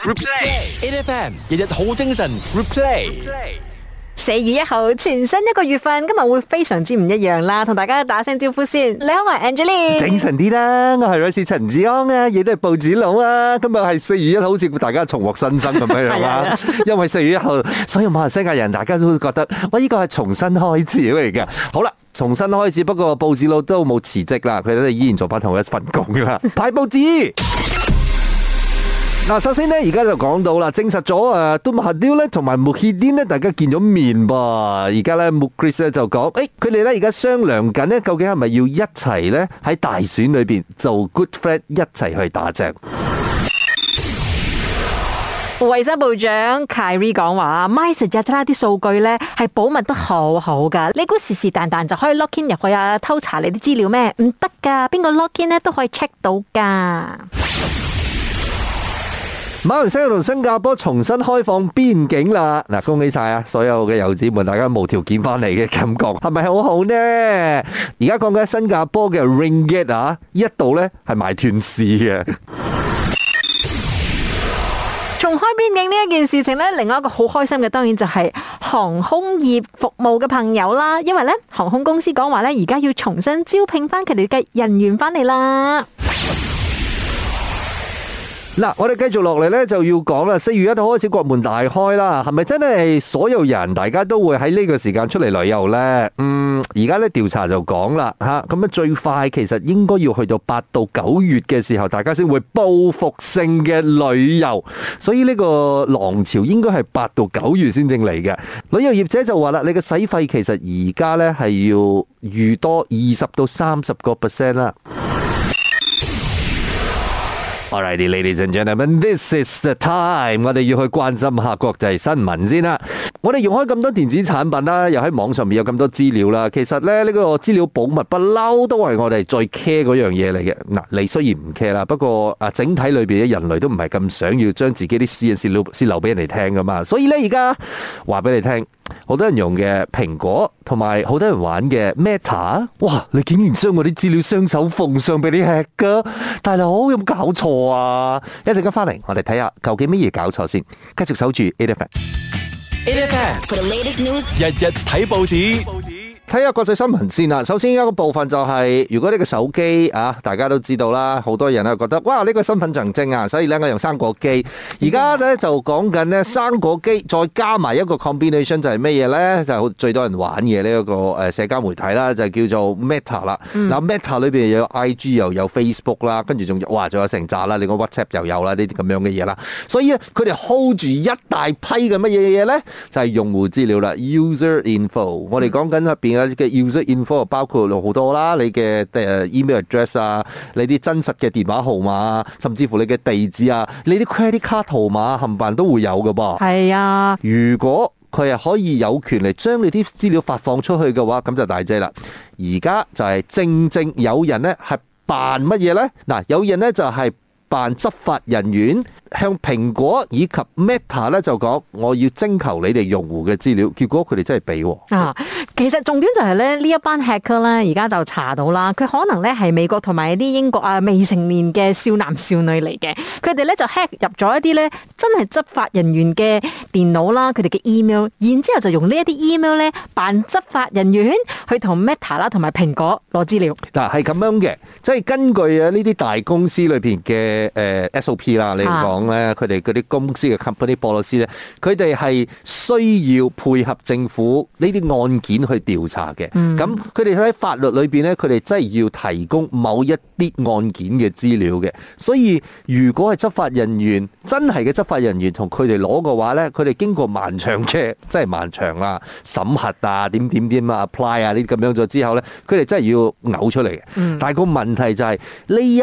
Replay，AFM 日日好精神。Replay，四 Replay 月一號全新一個月份，今日會非常之唔一樣啦，同大家打聲招呼先。你好，我係 Angelina，精神啲啦，我係瑞士陳子安啊，亦都係報紙佬啊，今日係四月一號，好似大家重獲新生咁樣。因為四月一號，所有馬來西亞人大家都會覺得，喂，依個係重新開始嚟嘅。好啦，重新開始，不過報紙佬都冇辭職啦，佢都依然做翻同一份工噶啦，派報紙。 嗱，首先呢，而家就講到啦，證實咗啊 d u、um、m h 咧同埋 m o h 呢，大家見咗面噃。而家咧，Mohkris 就講，誒，佢哋咧而家商量緊呢，究竟係咪要一齊咧喺大選裏邊做 good friend，一齊去打仗？衛生部長 k y r i e 講話，Myers 阿他啲數據咧係保密得好好噶，你估是是但但就可以 l o c k i n 入去啊，偷查你啲資料咩？唔得噶，邊個 l o c k i n 咧都可以 check 到噶。馬來西亞同新加坡重新開放邊境啦！嗱，恭喜晒啊，所有嘅遊子們，大家無條件翻嚟嘅感覺係咪好好呢？而家講緊新加坡嘅 Ringgit 啊，一度呢係賣斷市嘅。重開邊境呢一件事情呢，另外一個好開心嘅，當然就係航空業服務嘅朋友啦。因為呢航空公司講話呢，而家要重新招聘翻佢哋嘅人員翻嚟啦。嗱，我哋繼續落嚟呢，就要講啦。四月一號開始國門大開啦，係咪真係所有人大家都會喺呢個時間出嚟旅遊呢？嗯，而家呢調查就講啦吓，咁、啊、最快其實應該要去到八到九月嘅時候，大家先會報復性嘅旅遊，所以呢個浪潮應該係八到九月先正嚟嘅。旅遊業者就話啦，你嘅使費其實而家呢係要預多二十到三十個 percent 啦。Alright, ladies and gentlemen, this is the time 我哋要去關心下國際新聞先啦。我哋用開咁多電子產品啦，又喺網上面有咁多資料啦。其實咧，呢個資料保密不嬲都係我哋最 care 嗰樣嘢嚟嘅。嗱，你雖然唔 care 啦，不過啊，整體裏邊嘅人類都唔係咁想要將自己啲私隱泄露、泄露俾人哋聽噶嘛。所以咧，而家話俾你聽。好多人用嘅蘋果同埋好多人玩嘅 Meta，哇！你竟然將我啲資料雙手奉上俾你吃噶，大佬有冇搞錯啊？一陣間翻嚟我哋睇下究竟乜嘢搞錯先，繼續守住 Affect，Affect for the latest news，日日睇報紙。報紙睇下國際新聞先啦。首先一個部分就係、是，如果呢個手機啊，大家都知道啦，好多人都覺得哇，呢、這個身份象徵，證啊，所以咧我用生果機。而家咧就講緊咧生果機，再加埋一個 combination 就係乜嘢咧，就好、是、最多人玩嘅呢一個誒社交媒體啦，就是、叫做 Meta 啦。嗱，Meta 裏面又有 IG 又有 Facebook 啦，有 book，跟住仲哇仲有成紮啦，你講 WhatsApp 又有啦，呢啲咁樣嘅嘢啦。所以佢哋 hold 住一大批嘅乜嘢嘢咧，就係、是、用戶資料啦，user info。我哋講緊入邊。嘅 user info 包括好多啦，你嘅 email address 啊，你啲真實嘅電話號碼，甚至乎你嘅地址啊，你啲 credit card 號碼，冚棒都會有嘅噃。係啊，如果佢係可以有權利將你啲資料發放出去嘅話，咁就大劑啦。而家就係正正有人咧係扮乜嘢咧？嗱，有人咧就係扮執法人員。向蘋果以及 Meta 咧就講，我要徵求你哋用戶嘅資料，結果佢哋真係俾喎。啊，其實重點就係咧，呢一班 hack 咧而家就查到啦，佢可能咧係美國同埋一啲英國啊未成年嘅少男少女嚟嘅，佢哋咧就 hack 入咗一啲咧真係執法人員嘅電腦啦，佢哋嘅 email，然之後就用呢一啲 email 咧扮執法人員去同 Meta 啦同埋蘋果攞資料。嗱，係咁樣嘅，即係根據啊呢啲大公司裏邊嘅誒 SOP 啦，你嚟講。咧，佢哋啲公司嘅 company policy 咧，佢哋係需要配合政府呢啲案件去調查嘅。咁佢哋喺法律裏邊咧，佢哋真係要提供某一啲案件嘅資料嘅。所以如果係執法人員真係嘅執法人員同佢哋攞嘅話咧，佢哋經過漫長嘅真係漫長啊審核啊點點點啊 apply 啊呢啲咁樣咗之後咧，佢哋真係要嘔出嚟嘅。Mm. 但係個問題就係呢一。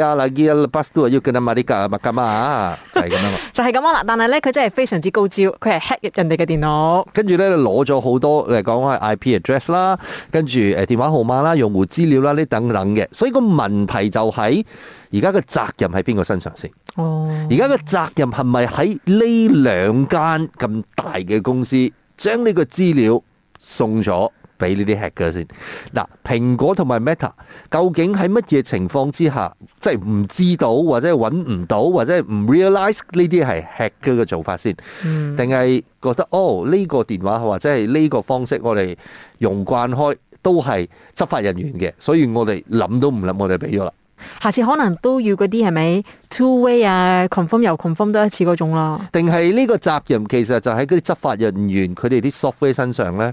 啊嗱，係就係咁啊，就係咁啊啦！但係咧，佢真係非常之高招，佢係 hack 入人哋嘅電腦，跟住咧攞咗好多誒，講開 IP address 啦，跟住誒電話號碼啦、用戶資料啦，呢等等嘅。所以個問題就喺而家個責任喺邊個身上先？哦，而家個責任係咪喺呢兩間咁大嘅公司將呢個資料送咗？俾呢啲 hack 嘅先，嗱，蘋果同埋 Meta 究竟喺乜嘢情況之下，即係唔知道或者係揾唔到或者係唔 realize 呢啲係 hack 嘅嘅做法先，定係、嗯、覺得哦呢、呢個電話或者係呢個方式我哋用慣開都係執法人員嘅，所以我哋諗都唔諗，我哋俾咗啦。下次可能都要嗰啲係咪 two way 啊 confirm 又 confirm 多一次嗰種啦？定係呢個責任其實就喺嗰啲執法人員佢哋啲 software 身上咧？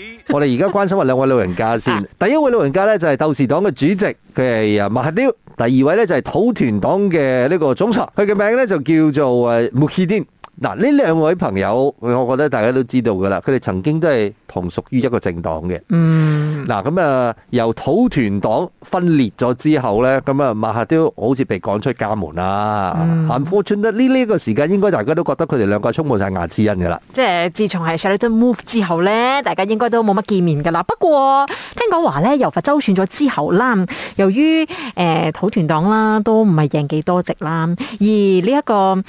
我哋而家關心話兩位老人家先，第一位老人家呢，就係鬥士黨嘅主席，佢係馬哈迪；第二位呢，就係土團黨嘅呢個總裁，佢嘅名呢，就叫做誒穆希丁。嗱，呢兩位朋友，我覺得大家都知道噶啦，佢哋曾經都係同屬於一個政黨嘅。嗯。嗱，咁啊，由土團黨分裂咗之後咧，咁啊，馬哈迪都好似被趕出家門啦。陳富村咧，呢呢個時間應該大家都覺得佢哋兩個充滿晒牙齒印噶啦。即係自從係 Sheraton Move 之後咧，大家應該都冇乜見面噶啦。不過聽講話咧，由佛州選咗之後啦，由於誒、呃、土團黨啦都唔係贏幾多席啦，而呢、這、一個誒鬥、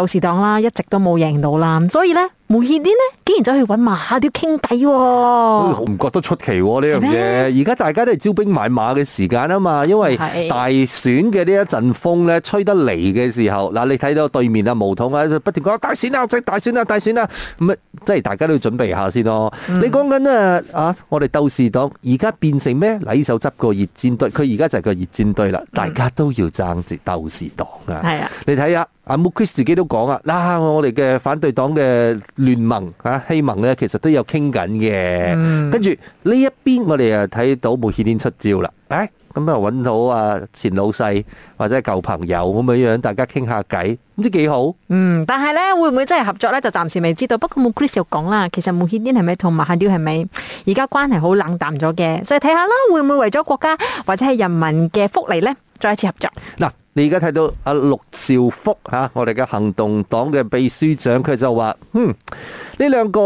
呃、士黨啦一直。都冇認到啦，所以咧。無意啲呢？竟然走去搵馬哈迪傾偈喎！我唔、啊、覺得出奇呢樣嘢，而家嗎大家都係招兵買馬嘅時間啊嘛，因為大選嘅呢一陣風咧吹得嚟嘅時候，嗱的你睇到對面啊，巫統啊，不斷講大選啊，即係大選啊，大選啊，咁啊，啊，即係大家都要準備下先咯。嗯、你講緊啊，啊，我哋鬥士黨而家變成咩？禮手執個熱戰隊，佢而家就係個熱戰隊啦，大家都要爭住鬥士黨啊！係、嗯、啊，你睇下阿慕克里斯自己都講啊，嗱，我哋嘅反對黨嘅。聯盟嚇希盟咧，其實都有傾緊嘅。跟住呢一邊，我哋就睇到慕尤丁出招啦。哎，咁就揾到啊前老細或者舊朋友咁樣樣，大家傾下偈，唔知幾好。嗯，但係咧會唔會真係合作咧？就暫時未知道。不過慕克里斯又講啦，其實慕尤丁係咪同馬哈迪係咪而家關係好冷淡咗嘅？所以睇下啦，會唔會為咗國家或者係人民嘅福利咧，再一次合作嗱？你而家睇到阿陸兆福吓、啊，我哋嘅行動黨嘅秘書長，佢就話：嗯，呢兩個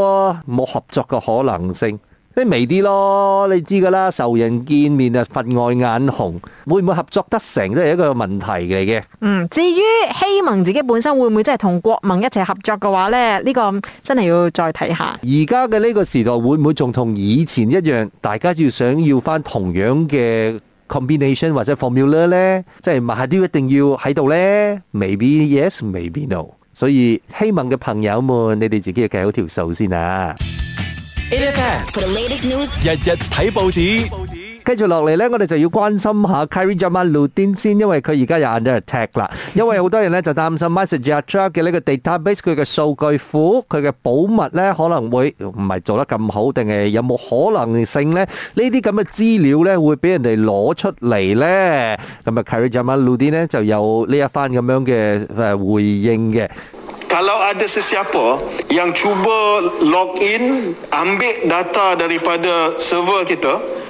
冇合作嘅可能性，啲微啲咯。你知噶啦，仇人見面啊，分外眼紅，會唔會合作得成都係一個問題嚟嘅。嗯，至於希盟自己本身會唔會真係同國盟一齊合作嘅話呢，呢、這個真係要再睇下。而家嘅呢個時代會唔會仲同以前一樣，大家要想要翻同樣嘅 combination 或者 formula 咧，即係萬條一定要喺度咧，maybe yes，maybe no。所以希望嘅朋友們，你哋自己要計好條數先啊！日日睇報紙。跟住落嚟呢，我哋就要關心一下 Khairy Jamaluddin 先，因為佢而家又 under attack 喇。因為好多人呢就擔心 MySejahtera 嘅呢個 database，佢嘅數據庫，佢嘅保密呢可能會唔係做得咁好，定係有冇可能性呢？呢啲噉嘅資料呢會畀人哋攞出嚟呢。噉 Khairy Jamaluddin 呢就有呢一番噉樣嘅回應嘅。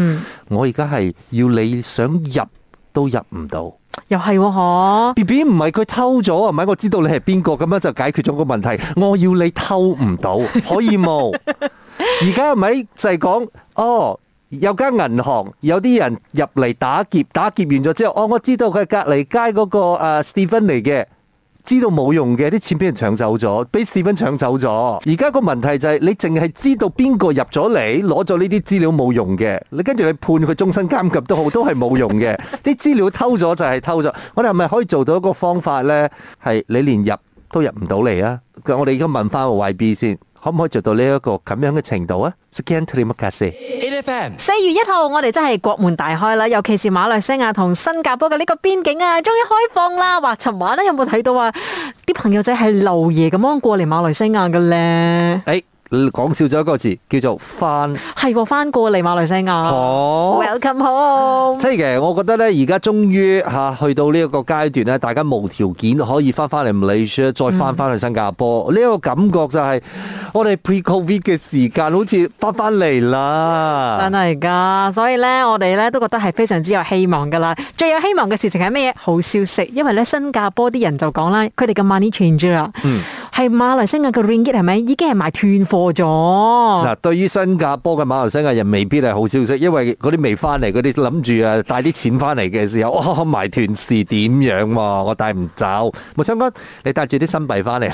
嗯，我而家係要你想入都入唔到，又係喎嗬？B B 唔係佢偷咗，係咪？我知道你係邊個咁樣就解決咗個問題。我要你偷唔到，可以冇？而家係咪就係講哦？有間銀行有啲人入嚟打劫，打劫完咗之後，哦，我知道佢係隔籬街嗰個誒 Stephen 嚟嘅。知道冇用嘅，啲錢俾人搶走咗，俾市民搶走咗。而家個問題就係，你淨係知道邊個入咗嚟攞咗呢啲資料冇用嘅，你跟住去判佢終身監禁都好，都係冇用嘅。啲 資料偷咗就係偷咗。我哋係咪可以做到一個方法呢？係你連入都入唔到嚟啊！我哋而家問翻個 Y B 先。可唔可以做到呢、這、一個咁樣嘅程度啊？Scan t r a p r i 四月一號，我哋真係國門大開啦，尤其是馬來西亞同新加坡嘅呢個邊境啊，終於開放啦。話尋晚咧，有冇睇到啊？啲朋友仔係漏夜咁樣過嚟馬來西亞嘅咧。講笑咗一個字，叫做翻，係翻過嚟馬來西亞，Welcome home。嘅，即係其實我覺得咧，而家終於吓去到呢一個階段咧，大家無條件可以翻翻嚟 Malaysia，再翻翻去新加坡。呢、嗯、個感覺就係我哋 pre-COVID 嘅時間好似翻翻嚟啦，真係噶。所以咧，我哋咧都覺得係非常之有希望噶啦。最有希望嘅事情係咩嘢？好消息，因為咧新加坡啲人就講啦，佢哋嘅 money change 啦。係馬來西亞嘅 ringgit 係咪已經係賣斷貨咗？嗱，對於新加坡嘅馬來西亞人未必係好消息，因為嗰啲未翻嚟嗰啲諗住啊帶啲錢翻嚟嘅時候，哇賣斷市點樣喎？我帶唔走。穆昌哥，你帶住啲新幣翻嚟，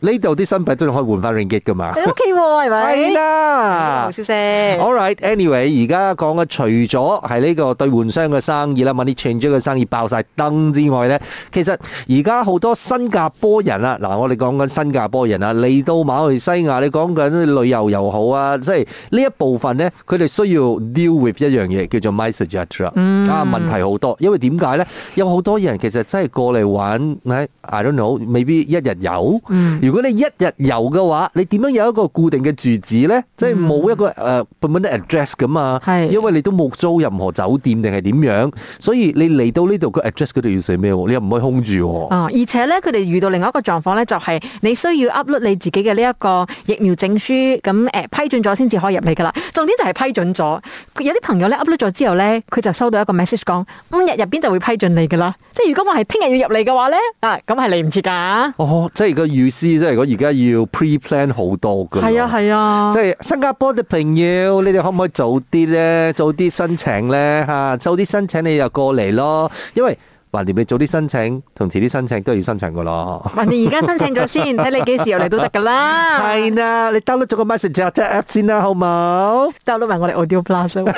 呢度啲新幣都可以換翻 ringgit 㗎嘛？O K 喎，係咪？係啦，好消息。All right，anyway，而家講嘅除咗係呢個兌換商嘅生意啦，money change 嘅生意爆曬燈之外咧，其實而家好多新加坡人啊，嗱，我哋講緊。新加坡人啊，嚟到馬來西亞，你講緊旅遊又好啊，即係呢一部分咧，佢哋需要 deal with 一樣嘢叫做 message address。嗯。啊，問題好多，因為點解咧？有好多人其實真係過嚟玩，I don't know，未必一日遊。嗯、如果你一日遊嘅話，你點樣有一個固定嘅住址咧？即係冇一個誒 permanent address 咁嘛。係。因為你都冇租任何酒店定係點樣，所以你嚟到呢度，個 address 嗰度要寫咩喎？你又唔可以空住喎。啊，而且咧，佢哋遇到另外一個狀況咧，就係、是。你需要 upload 你自己嘅呢一個疫苗證書，咁誒、呃、批准咗先至可以入嚟噶啦。重點就係批准咗，有啲朋友咧 upload 咗之後咧，佢就收到一個 message 講，五、嗯、日入邊就會批准你噶啦。即係如果我係聽日要入嚟嘅話咧，啊咁係嚟唔切噶。啊、哦，即係個意思，即係如果而家要 preplan 好多嘅。係啊係啊，是啊即係新加坡嘅朋友，你哋可唔可以早啲咧，早啲申請咧吓，早啲申請你就過嚟咯，因為。你早啲申請同遲啲申請都係要申請嘅咯。你而家申請咗先，睇你幾時又嚟都得㗎啦。係啦，你 download 咗個 message 即係 Apps 先啦，好冇？download 埋我哋 Audio Plus 啊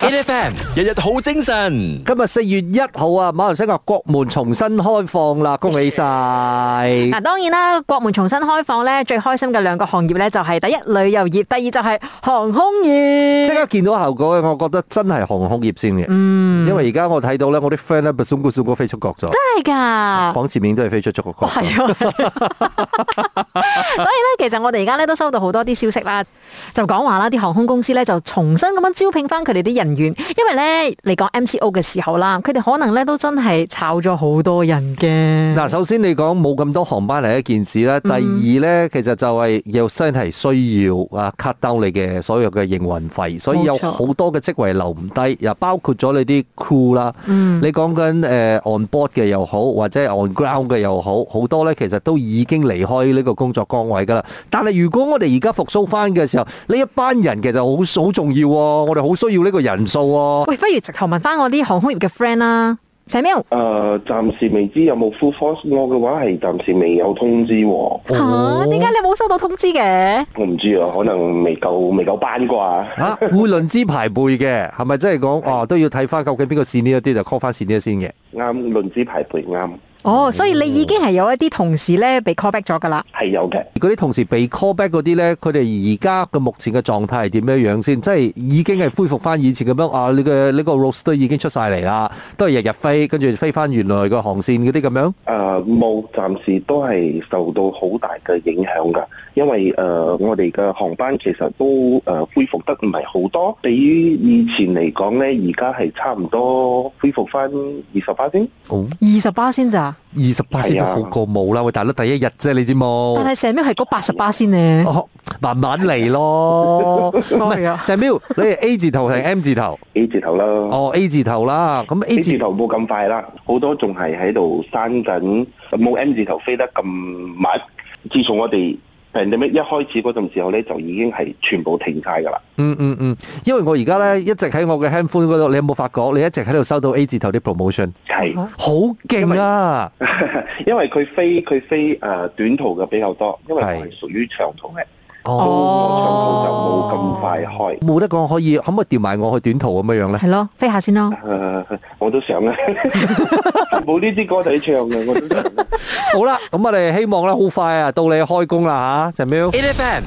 ！HFM 日日好精神。今日四月一號啊，馬來西亞國門重新開放啦，恭喜晒！嗱，當然啦，國門重新開放咧，最開心嘅兩個行業咧，就係第一旅遊業，第二就係航空業。即刻見到效果嘅，我覺得真係航空業先嘅。嗯，因為而家我睇到咧。我啲 friend 咧，送哥送哥飛出國咗，真係㗎！講前面都係飛出咗國，係喎的。 所以咧，其實我哋而家咧都收到好多啲消息啦，就講話啦，啲航空公司咧就重新咁樣招聘翻佢哋啲人員，因為咧你講 MCO 嘅時候啦，佢哋可能咧都真係炒咗好多人嘅。嗱，首先你講冇咁多航班嚟一件事啦，第二咧、嗯、其實就係又真係需要啊 cut down 你嘅所有嘅營運費，錯所以有好多嘅職位留唔低，又包括咗你啲 crew 啦、嗯。你講緊誒 on board 嘅又好，或者 on ground 嘅又好，好多咧，其實都已經離開呢個工作崗位㗎喇。但係如果我哋而家復甦翻嘅時候，呢一班人其實好好重要喎、啊，我哋好需要呢個人數喎、啊。喂，不如直頭問翻我啲航空業嘅 friend 啦。寫咩？誒，暫時未知有冇 full force。我嘅話係暫時未有通知、哦。吓、oh. 啊，點解你冇收到通知嘅？我唔知啊，可能未夠未夠班啩。吓、 啊，會論資排輩嘅，係咪即係講哦？都要睇翻究竟邊個線呢一啲就 call 翻線呢一先嘅。啱，論資排輩啱。哦，oh, 所以你已經係有一啲同事咧被 call back 咗噶啦，係有嘅。嗰啲同事被 call back 嗰啲咧，佢哋而家嘅目前嘅狀態係點樣樣先？即係已經係恢復翻以前咁樣啊？你嘅呢個 roster 都已經出晒嚟啦，都係日日飛，跟住飛翻原來個航線嗰啲咁樣。誒、啊，冇，暫時都係受到好大嘅影響噶，因為誒、呃、我哋嘅航班其實都誒恢復得唔係好多，比於以前嚟講咧，而家係差唔多恢復翻二十八先。哦，二十八先咋？二十八先好過冇啦。喂、啊，大佬第一日啫，你知冇？但係成喵係嗰八十八先咧，慢慢嚟咯。唔係成喵， Samuel, 你係 A 字頭定係 M 字頭？A 字頭啦。哦，A 字頭啦，咁 A, A 字頭冇咁快啦，好多仲係喺度生緊，冇 M 字頭飛得咁猛。自從我哋。誒，你咪一開始嗰陣時候咧，就已經係全部停曬㗎啦。嗯嗯嗯，因為我而家咧一直喺我嘅 handphone 嗰度，你有冇發覺你一直喺度收到 A 字頭啲 promotion？係，好勁啊！因為佢飛佢飛誒短途嘅比較多，因為我係屬於長途嘅。到我長途就冇咁快開，冇得講，可以可唔可以調埋我去短途咁樣樣咧？係咯，飛下先咯。我都想啊，冇呢啲歌仔唱嘅，我好啦。咁我哋希望咧，好快啊，到你開工啦吓，陳喵。In the end,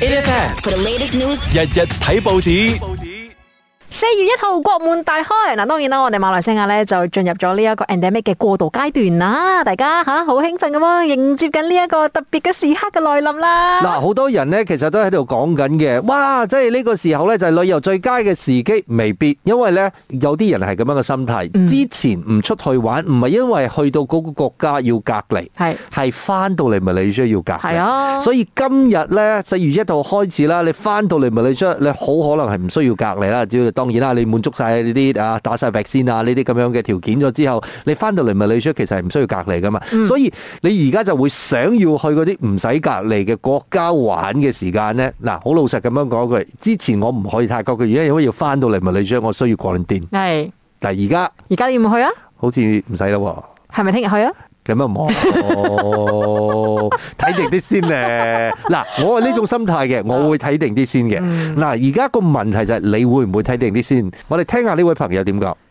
In the end, for the latest news。日日睇報紙。四月一號國門大開，嗱，當然啦，我哋馬來西亞咧就進入咗呢一個 endemic 嘅過渡階段啦，大家吓、啊、好興奮咁啊，迎接緊呢一個特別嘅時刻嘅來臨啦。嗱，好多人呢其實都喺度講緊嘅，哇，即係呢個時候呢，就係旅遊最佳嘅時機，未必，因為呢有啲人係咁樣嘅心態，嗯、之前唔出去玩唔係因為去到嗰個國家要隔離，係，係翻到嚟咪你需要隔離，係啊，所以今日呢，四月一號開始啦，你翻到嚟咪你需要，你好可能係唔需要隔離啦，只要。當然啦，你滿足曬呢啲啊打曬白先啊呢啲咁樣嘅條件咗之後，你翻到嚟馬來西亞，其實係唔需要隔離噶嘛。嗯、所以你而家就會想要去嗰啲唔使隔離嘅國家玩嘅時間咧，嗱，好老實咁樣講句，之前我唔可以泰國，佢而家因為要翻到嚟馬來西亞，我需要過境電。係是，但而家而家要唔要去啊？好似唔使啦喎。係咪聽日去啊？咁又冇。睇定啲先咧，嗱，我係呢種心態嘅，我會睇定啲先嘅。嗱，而家個問題就係你會唔會睇定啲先？我哋聽下呢位朋友點講。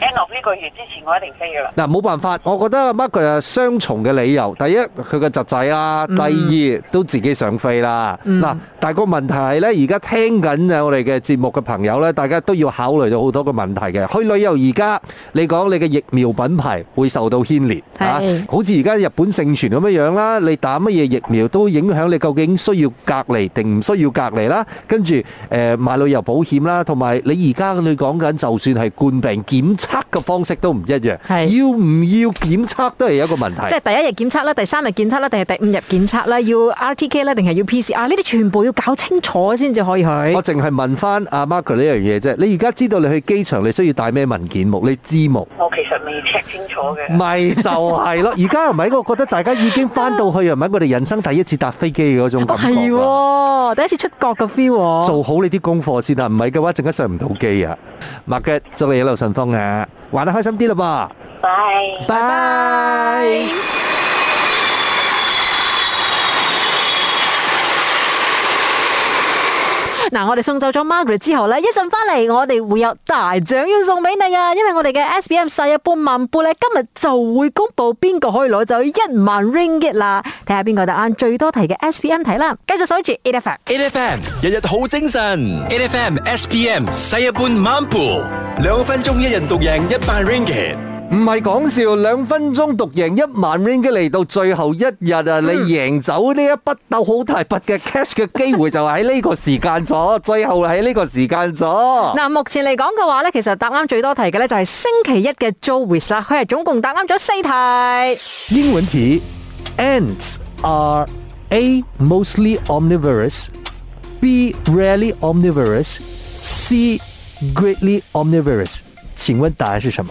N 六呢個月之前我一定飛噶啦。嗱，冇辦法，我覺得乜佢啊雙重嘅理由。第一，佢嘅侄仔啦，第二，mm. 都自己想飛啦。嗱，mm. 但係個問題係咧，而家聽緊我哋嘅節目嘅朋友咧，大家都要考慮到好多嘅問題嘅。去旅遊而家，你講你嘅疫苗品牌會受到牽連，吓是、啊，好似而家日本盛傳咁樣樣啦。你打乜嘢疫苗都影響你究竟需要隔離定唔需要隔離啦。跟住誒、呃、買旅遊保險啦，同埋你而家你講緊就算係冠病檢測。檢查測嘅方式都唔一樣，是要唔要檢測都係有一個問題。即係第一日檢測啦，第三日檢測啦，定係第五日檢測啦？要 RTK 啦、啊，定係要 PCR？呢啲全部要搞清楚先至可以去。我淨係問翻阿 Mark 呢樣嘢啫。你而家知道你去機場你需要帶咩文件冇？你知冇？我其實未 check 清楚嘅。咪就係、是、咯，而家又唔係我覺得大家已經翻到去，又唔係我哋人生第一次搭飛機嗰種感覺、哦對哦？第一次出國嘅 feel。 做好你啲功課先啊！唔係嘅話，陣間上唔到機啊。Mark，祝你一路順風啊！玩得開心啲啦噃，拜拜。嗱、呃，我哋送走咗 Margaret 之後咧，一陣翻嚟我哋會有大獎要送俾你啊！因為我哋嘅 SPM 晒一半萬步，咧，今日就會公布邊個可以攞走一萬 Ringgit 啦。睇下邊個答啱最多題嘅 SPM 睇啦，繼續守住 8FM，8FM 日日好精神 8FM SPM 晒一半萬步，兩分鐘一人獨贏一萬 Ringgit。唔係講笑，兩分鐘獨贏一萬 ringgit，嚟到最後一日啊！你贏走呢一筆斗好大筆嘅 cash 嘅機會就喺呢個時間咗，最後喺呢個時間咗。嗱，目前嚟講嘅話咧，其實答啱最多題嘅咧就係星期一嘅 Joey 啦，佢係總共答啱咗四題。英文題：Ants are A mostly omnivorous B rarely omnivorous C greatly omnivorous。請問答案是什麼？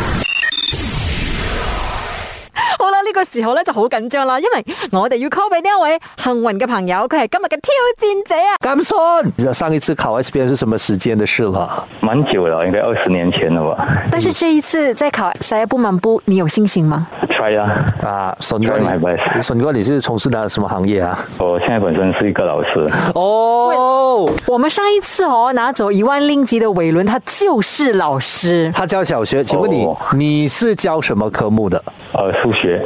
呢個時候咧就好緊張啦，因為我哋要 call 俾呢一位幸運嘅朋友，佢係今日嘅挑戰者啊！甘順，你上一次考 S B A 是什麼時間嘅事啦？蠻久了，應該二十年前了吧？但是這一次再考 C E 部門部，你有信心嗎？try it. 啊！啊，所孫哥，你是從事的什麼行業啊？我現在本身是一個老師。哦、oh, 喂，我們上一次哦拿走一萬令吉的韋倫，他就是老師。他教小學，請問你 oh, oh. 你是教什麼科目的？啊、呃，數學。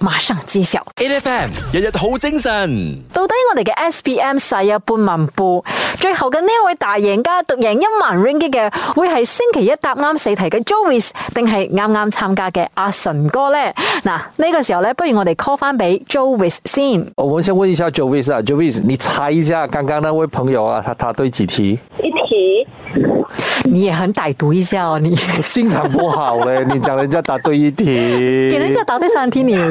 馬上揭曉！A F M 日日好精神。到底我哋嘅 SPM 細啊半文步，最後嘅呢位大贏家獨贏一萬 ringgit 嘅，會係星期一答啱四題嘅 Joyce，定係啱啱參加嘅阿純哥咧？嗱，呢個時候咧，不如我哋 call 翻俾 Joyce 先。我先問一下 Joyce 啊，Joyce，你猜一下剛剛那位朋友啊，他答對幾題？ 一題、啊。你也很歹毒一下你心腸不好咧，你講人家答對一題，給人家答對三題，你又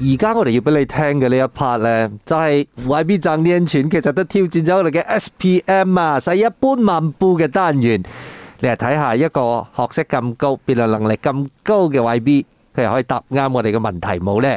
而家我哋要俾你聽嘅呢一 part 呢，就係 YB 掙啲錢，其實都挑戰咗我哋嘅 SPM 啊，使一般萬步嘅單元，你嚟睇下一個學識咁高、辯論能力咁高嘅 YB，佢又可以答啱我哋嘅問題冇呢？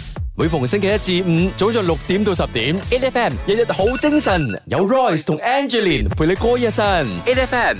每逢星期一至五，早上六點到十點，A F M 日日好精神，有 Royce 同 Angelina 陪你過一生 A F M。